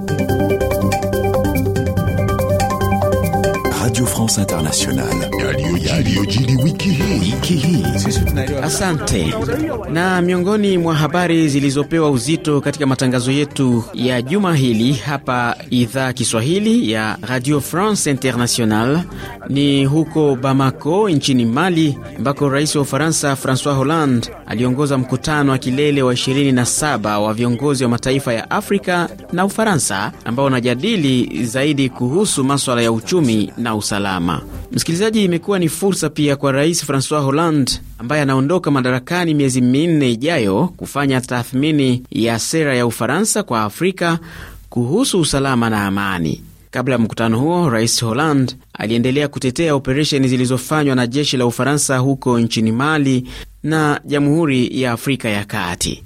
Thank you. Conférence internationale Asante. Na miongoni mwa habari zilizopewa uzito katika matangazo yetu ya juma hili hapa idhaa Kiswahili ya Radio France Internationale ni huko Bamako nchini Mali, ambako rais wa Ufaransa Francois Hollande aliongoza mkutano wa kilele wa 27 wa viongozi wa mataifa ya Afrika na Ufaransa ambao wanajadili zaidi kuhusu maswala ya uchumi na usalama usalama. Msikilizaji, imekuwa ni fursa pia kwa Rais Francois Hollande ambaye anaondoka madarakani miezi minne ijayo kufanya tathmini ya sera ya Ufaransa kwa Afrika kuhusu usalama na amani. Kabla ya mkutano huo, Rais Hollande aliendelea kutetea operesheni zilizofanywa na jeshi la Ufaransa huko nchini Mali na Jamhuri ya Afrika ya Kati.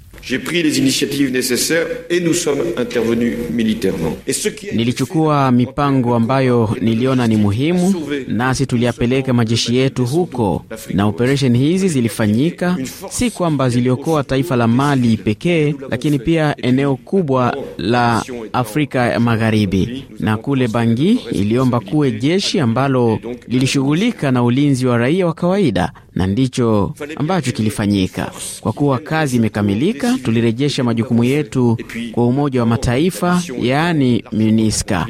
Nilichukua mipango ambayo niliona ni muhimu, nasi tuliyapeleka majeshi yetu huko, na operesheni hizi zilifanyika. Si kwamba ziliokoa taifa la Mali pekee, lakini pia eneo kubwa la Afrika ya Magharibi. Na kule Bangi iliomba kuwe jeshi ambalo lilishughulika na ulinzi wa raia wa kawaida, na ndicho ambacho kilifanyika. Kwa kuwa kazi imekamilika tulirejesha majukumu yetu kwa Umoja wa Mataifa, yaani MINUSCA.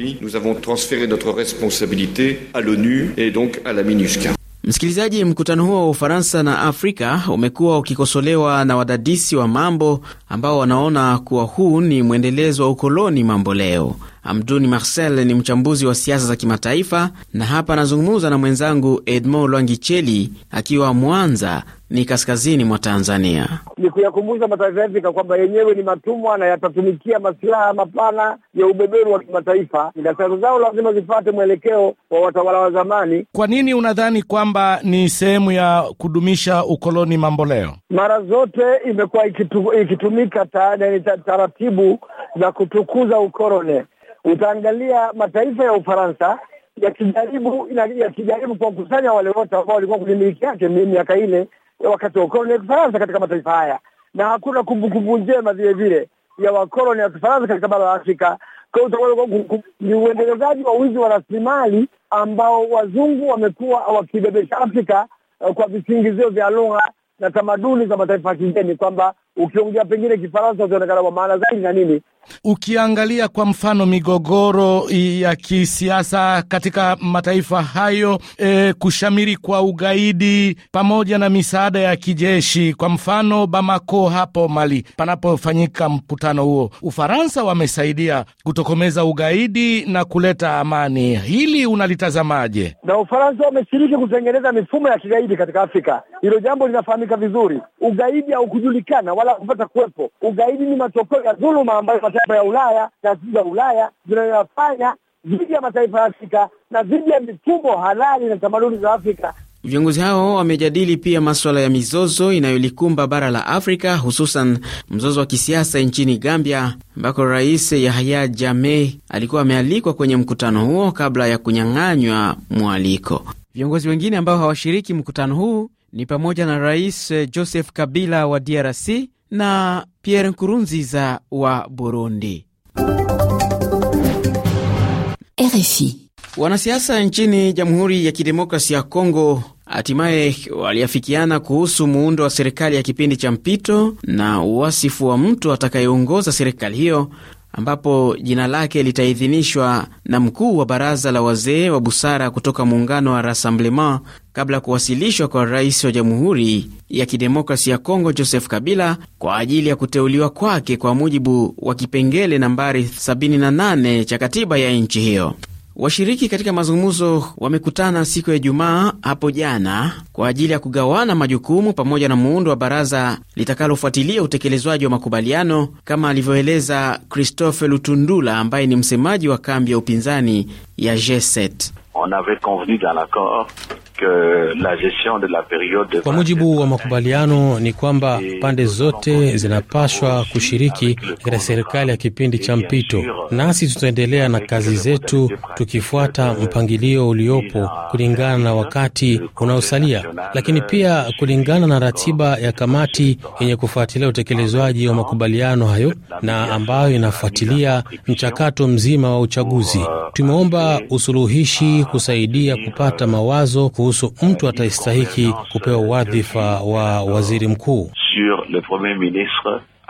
Msikilizaji, mkutano huo wa Ufaransa na Afrika umekuwa ukikosolewa na wadadisi wa mambo ambao wanaona kuwa huu ni mwendelezo wa ukoloni mambo leo. Amduni Marcel ni mchambuzi wa siasa za kimataifa, na hapa anazungumza na mwenzangu Edmond Lwangicheli akiwa Mwanza ni kaskazini mwa Tanzania. Ni kuyakumbusha mataifa ya Afrika kwamba yenyewe ni matumwa na yatatumikia masilaha mapana ya ubeberu wa kimataifa, na siasa zao lazima zipate mwelekeo wa watawala wa zamani. Kwa nini unadhani kwamba ni sehemu ya kudumisha ukoloni mambo leo? Mara zote imekuwa ikitu, ikitumika taratibu za kutukuza ukoloni utaangalia mataifa ya Ufaransa yakijaribu yakijaribu kuwakusanya wale wote ambao walikuwa kwenye miliki yake miaka ile wakati wa ukoloni ya Kifaransa katika mataifa haya, na hakuna kumbukumbu njema vile vile ya wakoloni ya Kifaransa katika bara la Afrika. Kwa hiyo ni uendelezaji wa wizi wa rasilimali ambao wazungu wamekuwa wakibebesha Afrika eh, kwa visingizio vya lugha na tamaduni za mataifa ya kigeni, kwamba ukiongea pengine Kifaransa utaonekana kwa maana zaidi na nini. Ukiangalia kwa mfano migogoro ya kisiasa katika mataifa hayo e, kushamiri kwa ugaidi pamoja na misaada ya kijeshi, kwa mfano Bamako hapo Mali panapofanyika mkutano huo, Ufaransa wamesaidia kutokomeza ugaidi na kuleta amani. Hili unalitazamaje? Na Ufaransa wameshiriki kutengeneza mifumo ya kigaidi katika Afrika. Hilo jambo linafahamika vizuri. Ugaidi haukujulikana wala kupata kuwepo. Ugaidi ni matokeo ya dhuluma ambayo mataifa ya Ulaya, taasisi za Ulaya zinayoyafanya dhidi ya mataifa ya Afrika na dhidi ya mifumo halali na tamaduni za Afrika. Viongozi hao wamejadili pia maswala ya mizozo inayolikumba bara la Afrika, hususan mzozo wa kisiasa nchini Gambia, ambako Rais Yahya Jammeh alikuwa amealikwa kwenye mkutano huo kabla ya kunyang'anywa mwaliko. Viongozi wengine ambao hawashiriki mkutano huu ni pamoja na Rais Joseph Kabila wa DRC na Pierre Nkurunziza wa Burundi. RFI. Wanasiasa nchini Jamhuri ya Kidemokrasi ya Kongo hatimaye waliafikiana kuhusu muundo wa serikali ya kipindi cha mpito na uwasifu wa mtu atakayeongoza serikali hiyo ambapo jina lake litaidhinishwa na mkuu wa baraza la wazee wa busara kutoka muungano wa Rassemblement kabla ya kuwasilishwa kwa rais wa Jamhuri ya Kidemokrasi ya Kongo Joseph Kabila kwa ajili ya kuteuliwa kwake kwa mujibu wa kipengele nambari 78 cha katiba ya nchi hiyo. Washiriki katika mazungumzo wamekutana siku ya Ijumaa hapo jana kwa ajili ya kugawana majukumu pamoja na muundo wa baraza litakalofuatilia utekelezwaji wa makubaliano, kama alivyoeleza Christophe Lutundula ambaye ni msemaji wa kambi ya upinzani ya G7 on avait convenu dans l'accord que la gestion de la de kwa mujibu wa makubaliano ni kwamba pande zote zinapashwa kushiriki katika serikali ya kipindi cha mpito, nasi tutaendelea na kazi zetu tukifuata mpangilio uliopo kulingana na wakati unaosalia, lakini pia kulingana na ratiba ya kamati yenye kufuatilia utekelezwaji wa makubaliano hayo na ambayo inafuatilia mchakato mzima wa uchaguzi. Euh, Tumeomba usuluhishi kusaidia kupata mawazo kuhusu mtu atastahiki kupewa wadhifa wa waziri mkuu.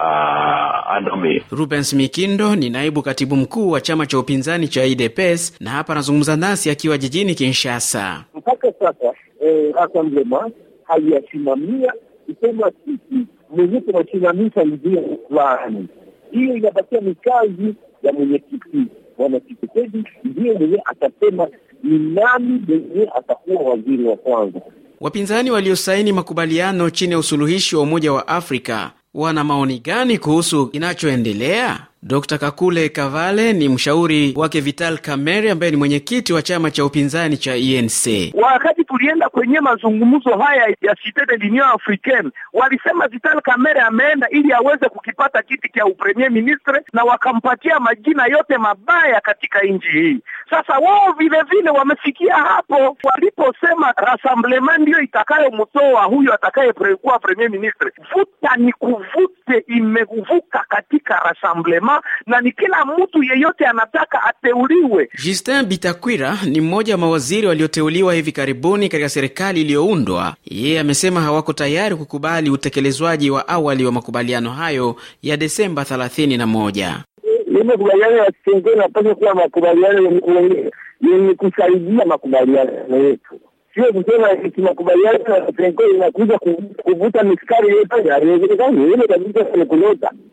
Euh, Rubens Mikindo ni naibu katibu mkuu wa chama cha upinzani cha UDPS na hapa anazungumza nasi akiwa jijini Kinshasa. Mpaka sasa eh, asamblema haiyasimamia kusema sisi mwenyewe tunasimamisha njia fulani, hiyo inapatia ni kazi ya mwenyekiti Bwana Tshisekedi ndiye mwenyewe atasema ni nani mwenye atakuwa waziri wa kwanza. Wapinzani waliosaini makubaliano chini ya usuluhishi wa Umoja wa Afrika wana maoni gani kuhusu kinachoendelea? Dr Kakule Kavale ni mshauri wake Vital Kamerhe ambaye ni mwenyekiti wa chama cha upinzani cha ENC. Wakati tulienda kwenye mazungumzo haya ya Cite de l'Union Africaine, walisema Vital Kamerhe ameenda ili aweze kukipata kiti cha upremier ministre, na wakampatia majina yote mabaya katika nchi hii. Sasa wao vilevile wamefikia hapo waliposema rassemblement ndiyo itakayomtoa huyo atakayekuwa premier ministre. Vuta ni kuvute imevuka katika rassemblement jamaa, na ni kila mtu yeyote anataka ateuliwe. Justin Bitakwira ni mmoja wa mawaziri walioteuliwa hivi karibuni katika serikali iliyoundwa. Yeye amesema hawako tayari kukubali utekelezwaji wa awali wa makubaliano hayo ya Desemba thelathini na moja. Ile makubaliano ya Kisengeli napaswa kuwa makubaliano yenye kusaidia makubaliano yetu sio kusema eti makubaliano ya Senko inakuja kuvuta mistari yote, haiwezekani ile kabisa ni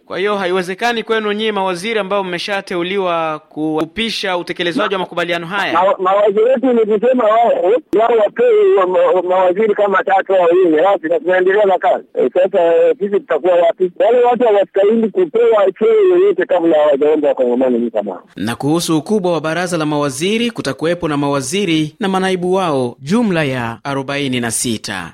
Kwa hiyo haiwezekani kwenu nyinyi mawaziri ambao mmeshateuliwa kupisha utekelezaji wa makubaliano haya. Mawaziri wetu ni kusema wao wao wapewe mawaziri kama tatu au nne, basi na tunaendelea na kazi. Eh, sasa eh, sisi tutakuwa wapi? Wale watu hawastahili kupewa cheo yoyote kabla hawajaomba kwa ngomano ni kama. Na kuhusu ukubwa wa baraza la mawaziri, kutakuwepo na mawaziri na manaibu wao jumla jumla ya 46.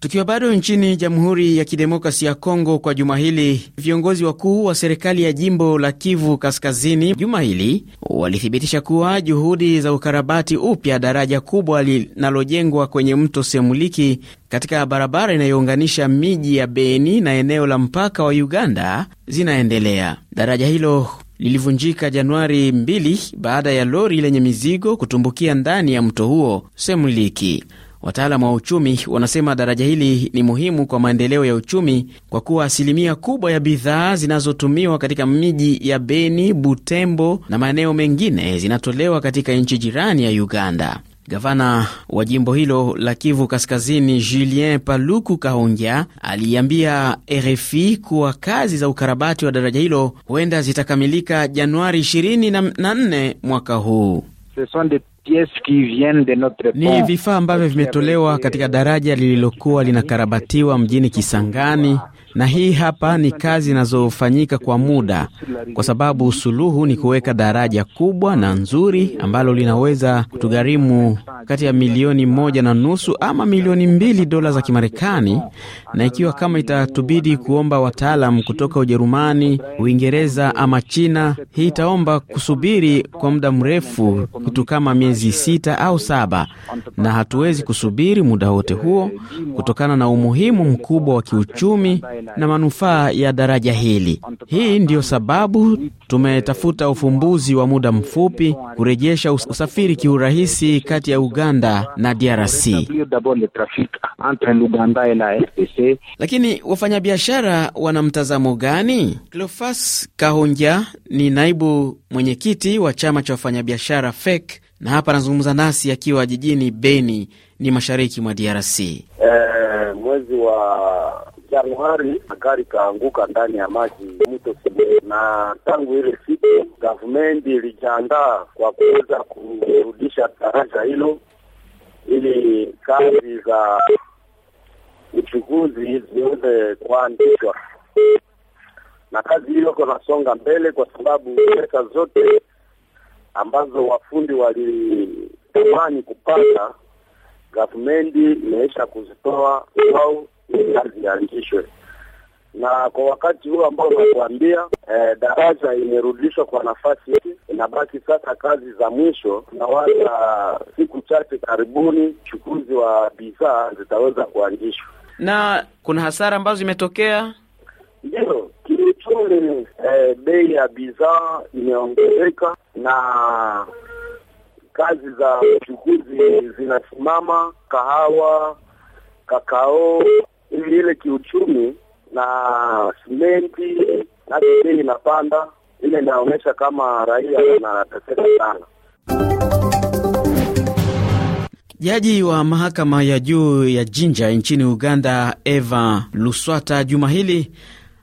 Tukiwa bado nchini Jamhuri ya Kidemokrasi ya Kongo, kwa juma hili viongozi wakuu wa serikali ya jimbo la Kivu Kaskazini juma hili walithibitisha kuwa juhudi za ukarabati upya daraja kubwa linalojengwa kwenye mto Semuliki katika barabara inayounganisha miji ya Beni na eneo la mpaka wa Uganda zinaendelea. Daraja hilo lilivunjika Januari 2 baada ya lori lenye mizigo kutumbukia ndani ya mto huo Semliki. Wataalamu wa uchumi wanasema daraja hili ni muhimu kwa maendeleo ya uchumi kwa kuwa asilimia kubwa ya bidhaa zinazotumiwa katika miji ya Beni, Butembo na maeneo mengine zinatolewa katika nchi jirani ya Uganda. Gavana wa jimbo hilo la Kivu Kaskazini, Julien Paluku Kahongya, aliiambia RFI kuwa kazi za ukarabati wa daraja hilo huenda zitakamilika Januari 24 mwaka huu. Ni vifaa ambavyo vimetolewa katika daraja lililokuwa linakarabatiwa mjini Kisangani na hii hapa ni kazi inazofanyika kwa muda, kwa sababu suluhu ni kuweka daraja kubwa na nzuri ambalo linaweza kutugharimu kati ya milioni moja na nusu ama milioni mbili dola za Kimarekani, na ikiwa kama itatubidi kuomba wataalam kutoka Ujerumani, Uingereza ama China, hii itaomba kusubiri kwa muda mrefu, kitu kama miezi sita au saba, na hatuwezi kusubiri muda wote huo kutokana na umuhimu mkubwa wa kiuchumi na manufaa ya daraja hili. Hii ndiyo sababu tumetafuta ufumbuzi wa muda mfupi kurejesha usafiri kiurahisi kati ya Uganda na DRC. Lakini wafanyabiashara wana mtazamo gani? Cleofas Kahonja ni naibu mwenyekiti wa chama cha wafanyabiashara FEC na hapa anazungumza nasi akiwa jijini Beni, ni mashariki mwa DRC. Eh, mwezi wa Januari gari kaanguka ndani ya maji mto Sibwe, na tangu ile siku gavumenti ilijiandaa kwa kuweza kurudisha daraja hilo ili kazi za uchukuzi ziweze kuandishwa na kazi hiyo kunasonga mbele kwa sababu pesa zote ambazo wafundi walitamani kupata gavumenti imeisha kuzitoa au zianzishwe na kwa wakati huu ambao nakuambia, eh, daraja imerudishwa kwa nafasi yake. Inabaki sasa kazi za mwisho, na wala siku chache karibuni uchukuzi wa bidhaa zitaweza kuanzishwa. Na kuna hasara ambazo zimetokea, ndio kiuchumi. Eh, bei ya bidhaa imeongezeka na kazi za uchukuzi zinasimama. Kahawa, kakao ile kiuchumi na simenti na bei inapanda, ile inaonyesha kama raia wanateseka sana. Jaji wa mahakama ya juu ya Jinja nchini Uganda, Eva Luswata, juma hili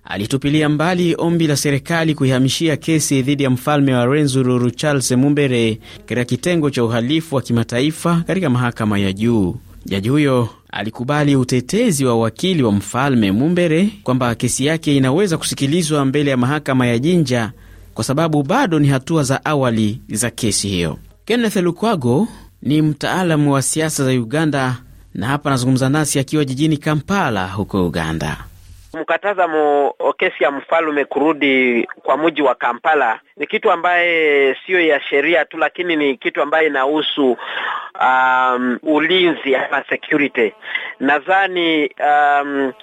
alitupilia mbali ombi la serikali kuihamishia kesi dhidi ya mfalme wa Rwenzururu Charles Mumbere katika kitengo cha uhalifu wa kimataifa katika mahakama ya juu. Jaji huyo alikubali utetezi wa wakili wa mfalme Mumbere kwamba kesi yake inaweza kusikilizwa mbele ya mahakama ya Jinja kwa sababu bado ni hatua za awali za kesi hiyo. Kenneth Lukwago ni mtaalamu wa siasa za Uganda na hapa anazungumza nasi akiwa jijini Kampala huko Uganda. Mkatazamo kesi ya mfalme kurudi kwa mji wa Kampala ni kitu ambaye siyo ya sheria tu, lakini ni kitu ambaye inahusu um, ulinzi ama security. Nadhani um,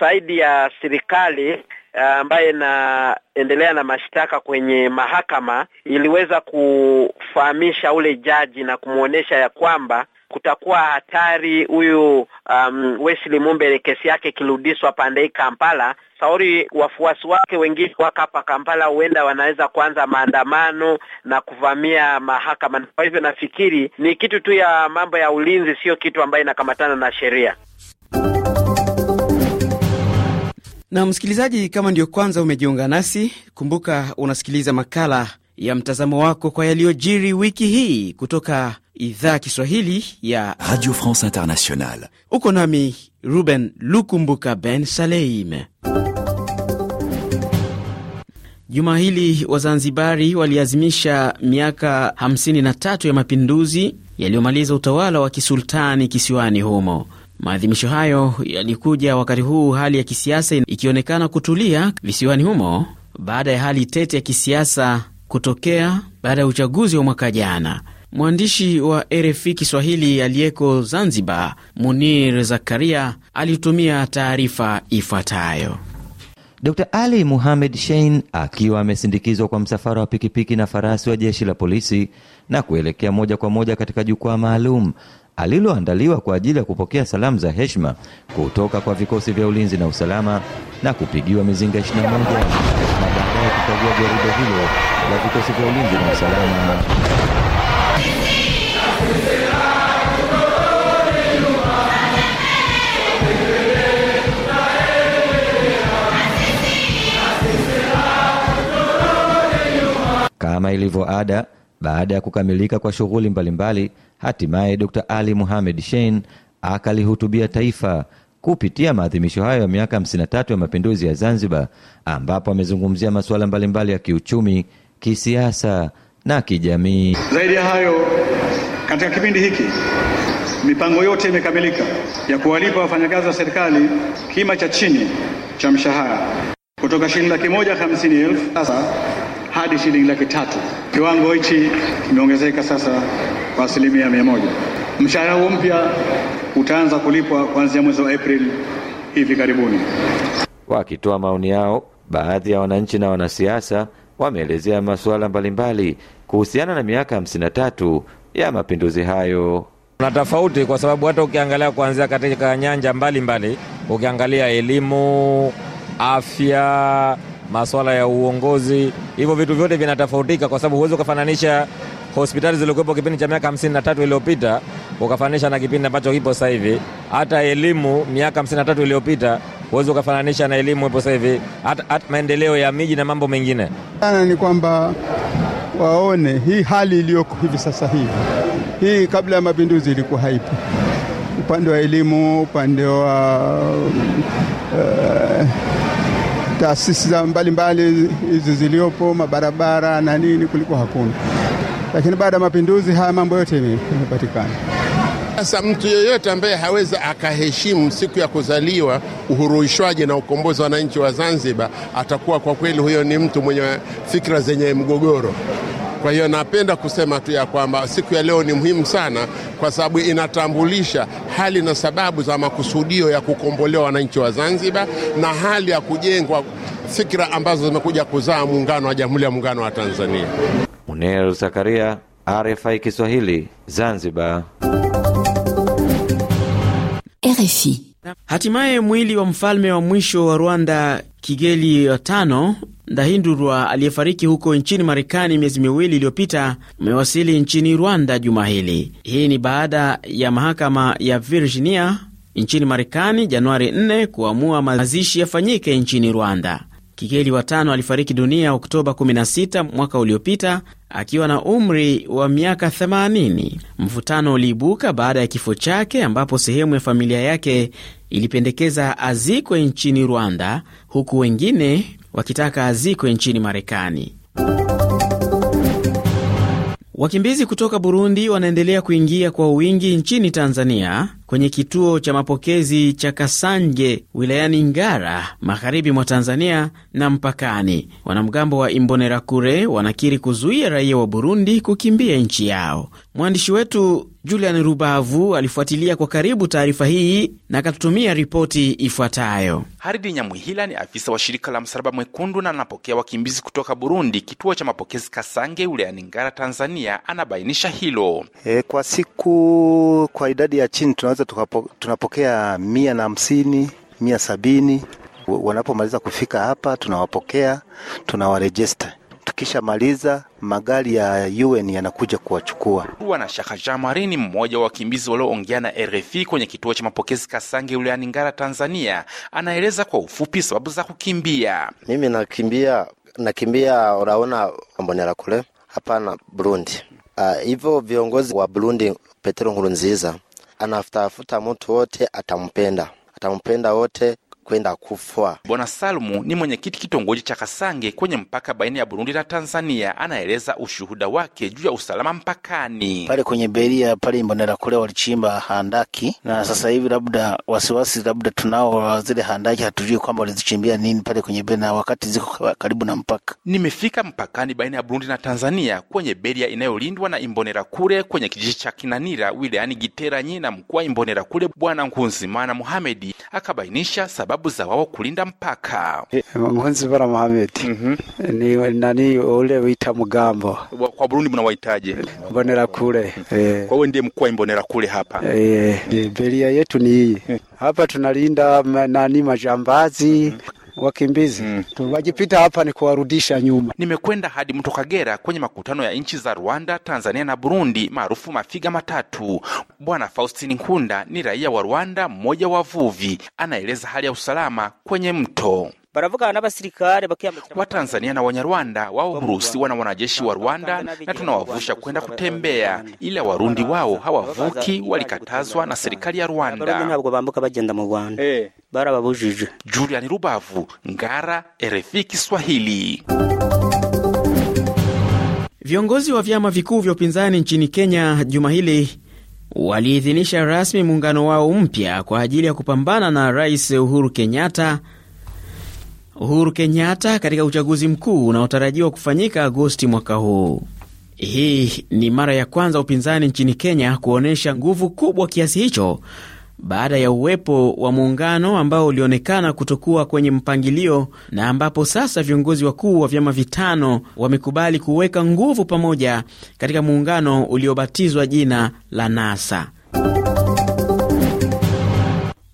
saidi ya serikali uh, ambaye inaendelea na mashtaka kwenye mahakama iliweza kufahamisha ule jaji na kumwonyesha ya kwamba kutakuwa hatari huyu um, Wesley Mumbere kesi yake ikirudishwa pande hii Kampala. Sauri wafuasi wake wengine wako hapa Kampala, huenda wanaweza kuanza maandamano na kuvamia mahakama. Kwa hivyo nafikiri ni kitu tu ya mambo ya ulinzi, sio kitu ambayo inakamatana na sheria. Na msikilizaji, kama ndio kwanza umejiunga nasi, kumbuka unasikiliza makala ya mtazamo wako kwa yaliyojiri wiki hii kutoka idhaa Kiswahili ya Radio France International. Uko nami Ruben Lukumbuka Ben Saleim. Juma hili Wazanzibari waliazimisha miaka 53 ya mapinduzi yaliyomaliza utawala wa kisultani kisiwani humo. Maadhimisho hayo yalikuja wakati huu hali ya kisiasa ikionekana kutulia visiwani humo baada ya hali tete ya kisiasa kutokea baada ya uchaguzi wa mwaka jana. Mwandishi wa RFI Kiswahili aliyeko Zanzibar, Munir Zakaria, alitumia taarifa ifuatayo. Dr Ali Muhamed Shein akiwa amesindikizwa kwa msafara wa pikipiki na farasi wa jeshi la polisi na kuelekea moja kwa moja katika jukwaa maalum aliloandaliwa kwa ajili ya kupokea salamu za heshima kutoka kwa vikosi vya ulinzi na usalama na kupigiwa mizinga 21 kukagua jarida hilo la vikosi vya ulinzi na usalama. Kama ilivyo ada, baada ya kukamilika kwa shughuli mbalimbali, hatimaye Dr. Ali muhamed Shein akalihutubia taifa kupitia maadhimisho hayo ya miaka 53 ya mapinduzi ya Zanzibar, ambapo amezungumzia masuala mbalimbali ya kiuchumi, kisiasa na kijamii. Zaidi ya hayo, katika kipindi hiki mipango yote imekamilika ya kuwalipa wafanyakazi wa serikali kima cha chini cha mshahara kutoka shilingi laki moja hamsini elfu sasa hadi shilingi laki tatu. Kiwango hichi kimeongezeka sasa kwa asilimia mia moja. Mshahara huo mpya utaanza kulipwa kuanzia mwezi wa Aprili hivi karibuni. Wakitoa maoni yao, baadhi ya wananchi na wanasiasa wameelezea masuala mbalimbali kuhusiana na miaka hamsini na tatu ya mapinduzi hayo. Kuna tofauti kwa sababu hata ukiangalia kuanzia katika nyanja mbalimbali mbali, ukiangalia elimu, afya, masuala ya uongozi, hivyo vitu vyote vinatofautika kwa sababu huwezi ukafananisha hospitali zilikuwepo kipindi cha miaka 53 iliyopita ukafananisha na kipindi ambacho kipo sasa hivi. Hata elimu miaka 53 iliyopita huwezi ukafananisha na elimu ipo sasa hivi, hata maendeleo ya miji na mambo mengine. Sana ni kwamba waone hii hali iliyoko hivi sasa hivi, hii kabla ya mapinduzi ilikuwa haipo, upande wa elimu, upande wa uh, taasisi za mbalimbali hizi ziliopo, mabarabara na nini, kulikuwa hakuna lakini baada ya mapinduzi haya mambo yote yamepatikana. Sasa mtu yeyote ambaye haweza akaheshimu siku ya kuzaliwa, uhuruishwaji na ukombozi wa wananchi wa Zanzibar, atakuwa kwa kweli huyo ni mtu mwenye fikra zenye mgogoro. Kwa hiyo napenda kusema tu ya kwamba siku ya leo ni muhimu sana, kwa sababu inatambulisha hali na sababu za makusudio ya kukombolewa wananchi wa Zanzibar na hali ya kujengwa fikra ambazo zimekuja kuzaa muungano wa Jamhuri ya Muungano wa Tanzania. Munir Zakaria, RFI Kiswahili, Zanzibar. RFI. Hatimaye mwili wa mfalme wa mwisho wa Rwanda Kigeli wa tano Ndahindurwa aliyefariki huko nchini Marekani miezi miwili iliyopita umewasili nchini Rwanda juma hili. Hii ni baada ya mahakama ya Virginia nchini Marekani Januari 4 kuamua mazishi yafanyike nchini Rwanda wa watano alifariki dunia Oktoba 16 mwaka uliopita akiwa na umri wa miaka 80. Mvutano uliibuka baada ya kifo chake ambapo sehemu ya familia yake ilipendekeza azikwe nchini Rwanda huku wengine wakitaka azikwe nchini Marekani. Wakimbizi kutoka Burundi wanaendelea kuingia kwa wingi nchini Tanzania kwenye kituo cha mapokezi cha Kasanje wilayani Ngara, magharibi mwa Tanzania na mpakani. Wanamgambo wa Imbonerakure wanakiri kuzuia raia wa Burundi kukimbia nchi yao. Mwandishi wetu Julian Rubavu alifuatilia kwa karibu taarifa hii na akatutumia ripoti ifuatayo. Haridi Nyamuhila ni afisa wa shirika la Msalaba Mwekundu na anapokea wakimbizi kutoka Burundi, kituo cha mapokezi Kasange wilayani Ngara, Tanzania. Anabainisha hilo. E, kwa siku kwa idadi ya chini tunaweza tukapo, tunapokea mia na hamsini mia sabini Wanapomaliza kufika hapa tunawapokea, tunawarejista wakishamaliza magari ya UN yanakuja kuwachukua. Bwana Shakaja Marini, mmoja wa wakimbizi walioongea na RFI kwenye kituo cha mapokezi Kasange wilayani Ngara, Tanzania, anaeleza kwa ufupi sababu za kukimbia. Mimi nakimbia nakimbia, unaona Mbonera kule hapana Burundi ah, hivyo. Uh, viongozi wa Burundi Petero Nkurunziza anafutafuta mtu wote atampenda, atampenda wote kwenda kufwa. Bwana Salmu ni mwenyekiti kitongoji cha Kasange kwenye mpaka baina ya Burundi na Tanzania, anaeleza ushuhuda wake juu ya usalama mpakani pale kwenye Beria pale Imbonera kule walichimba handaki, na sasa hivi labda wasiwasi, labda tunao zile handaki, hatujui kwamba walizichimbia nini pale kwenye Beria wakati ziko karibu na mpaka. Nimefika mpakani baina ya Burundi na Tanzania kwenye Beria inayolindwa na Imbonera kule kwenye kijiji cha Kinanira wilayani Giteranyi, na mkuu wa Imbonera kule Bwana Nkunzimana Muhamedi akabainisha sababu sababu za wao kulinda mpaka. Mhunzi eh, bara Mohamed mhm. ni nani ule wita mgambo kwa Burundi mnawaitaje? Mbonera kule eh. Kwa hiyo ndiye mkuu wa Mbonera kule hapa eh. eh Beria yetu ni hii hapa, tunalinda nani majambazi mhm wakimbizi mm. wajipita hapa ni kuwarudisha nyuma. Nimekwenda hadi mto Kagera kwenye makutano ya nchi za Rwanda, Tanzania na Burundi maarufu mafiga matatu. Bwana Faustin Nkunda ni raia wa Rwanda, mmoja wa vuvi anaeleza hali ya usalama kwenye mto baravugana n'abasirikare Watanzania na Wanyarwanda wao huruhusiwa na wanajeshi wa Rwanda na tunawavusha kwenda kutembea, ila Warundi wao hawavuki, walikatazwa na serikali ya Rwanda ntabwo bambuka bagenda mu Rwanda eh. barababujije. Julian Rubavu, Ngara, RFI Kiswahili. Viongozi wa vyama vikuu vya upinzani nchini Kenya juma hili waliidhinisha rasmi muungano wao mpya kwa ajili ya kupambana na Rais Uhuru Kenyatta Uhuru Kenyatta katika uchaguzi mkuu unaotarajiwa kufanyika Agosti mwaka huu. Hii ni mara ya kwanza upinzani nchini Kenya kuonyesha nguvu kubwa kiasi hicho baada ya uwepo wa muungano ambao ulionekana kutokuwa kwenye mpangilio na ambapo sasa viongozi wakuu wa vyama vitano wamekubali kuweka nguvu pamoja katika muungano uliobatizwa jina la NASA.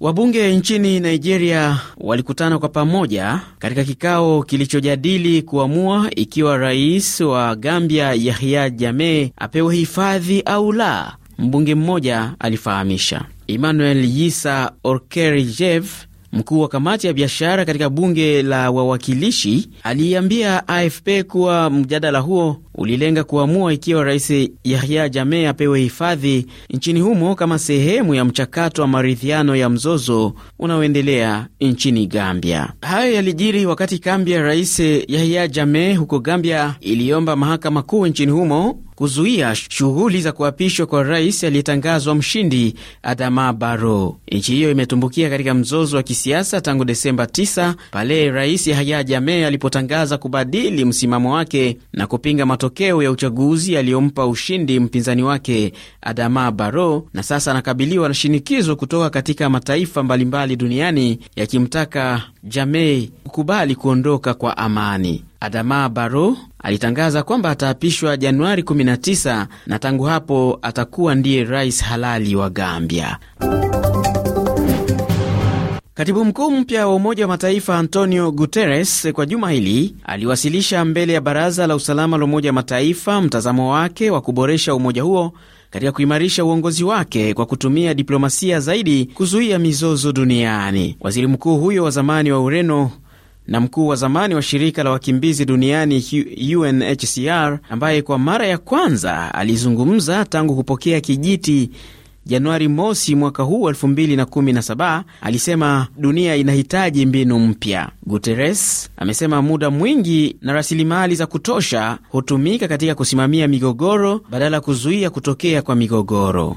Wabunge nchini Nigeria walikutana kwa pamoja katika kikao kilichojadili kuamua ikiwa rais wa Gambia Yahya Jammeh apewe hifadhi au la. Mbunge mmoja alifahamisha. Emmanuel Yisa Orkerijev Mkuu wa kamati ya biashara katika bunge la wawakilishi aliambia AFP kuwa mjadala huo ulilenga kuamua ikiwa Rais Yahya Jammeh apewe hifadhi nchini humo kama sehemu ya mchakato wa maridhiano ya mzozo unaoendelea nchini Gambia. Hayo yalijiri wakati kambi ya Rais Yahya Jammeh huko Gambia iliomba mahakama kuu nchini humo kuzuia shughuli za kuapishwa kwa rais aliyetangazwa mshindi Adama Baro. Nchi hiyo imetumbukia katika mzozo wa kisiasa tangu Desemba 9 pale rais Yahya Jame alipotangaza kubadili msimamo wake na kupinga matokeo ya uchaguzi yaliyompa ushindi mpinzani wake Adama Baro, na sasa anakabiliwa na shinikizo kutoka katika mataifa mbalimbali duniani yakimtaka jamei kukubali kuondoka kwa amani. Adama Baro alitangaza kwamba ataapishwa Januari 19 na tangu hapo atakuwa ndiye rais halali wa Gambia. Katibu mkuu mpya wa Umoja wa Mataifa Antonio Guterres kwa juma hili aliwasilisha mbele ya Baraza la Usalama la Umoja wa Mataifa mtazamo wake wa kuboresha umoja huo katika kuimarisha uongozi wake kwa kutumia diplomasia zaidi kuzuia mizozo duniani. Waziri mkuu huyo wa zamani wa Ureno na mkuu wa zamani wa shirika la wakimbizi duniani UNHCR, ambaye kwa mara ya kwanza alizungumza tangu kupokea kijiti Januari mosi mwaka huu 2017 alisema dunia inahitaji mbinu mpya. Guterres amesema muda mwingi na rasilimali za kutosha hutumika katika kusimamia migogoro badala ya kuzuia kutokea kwa migogoro.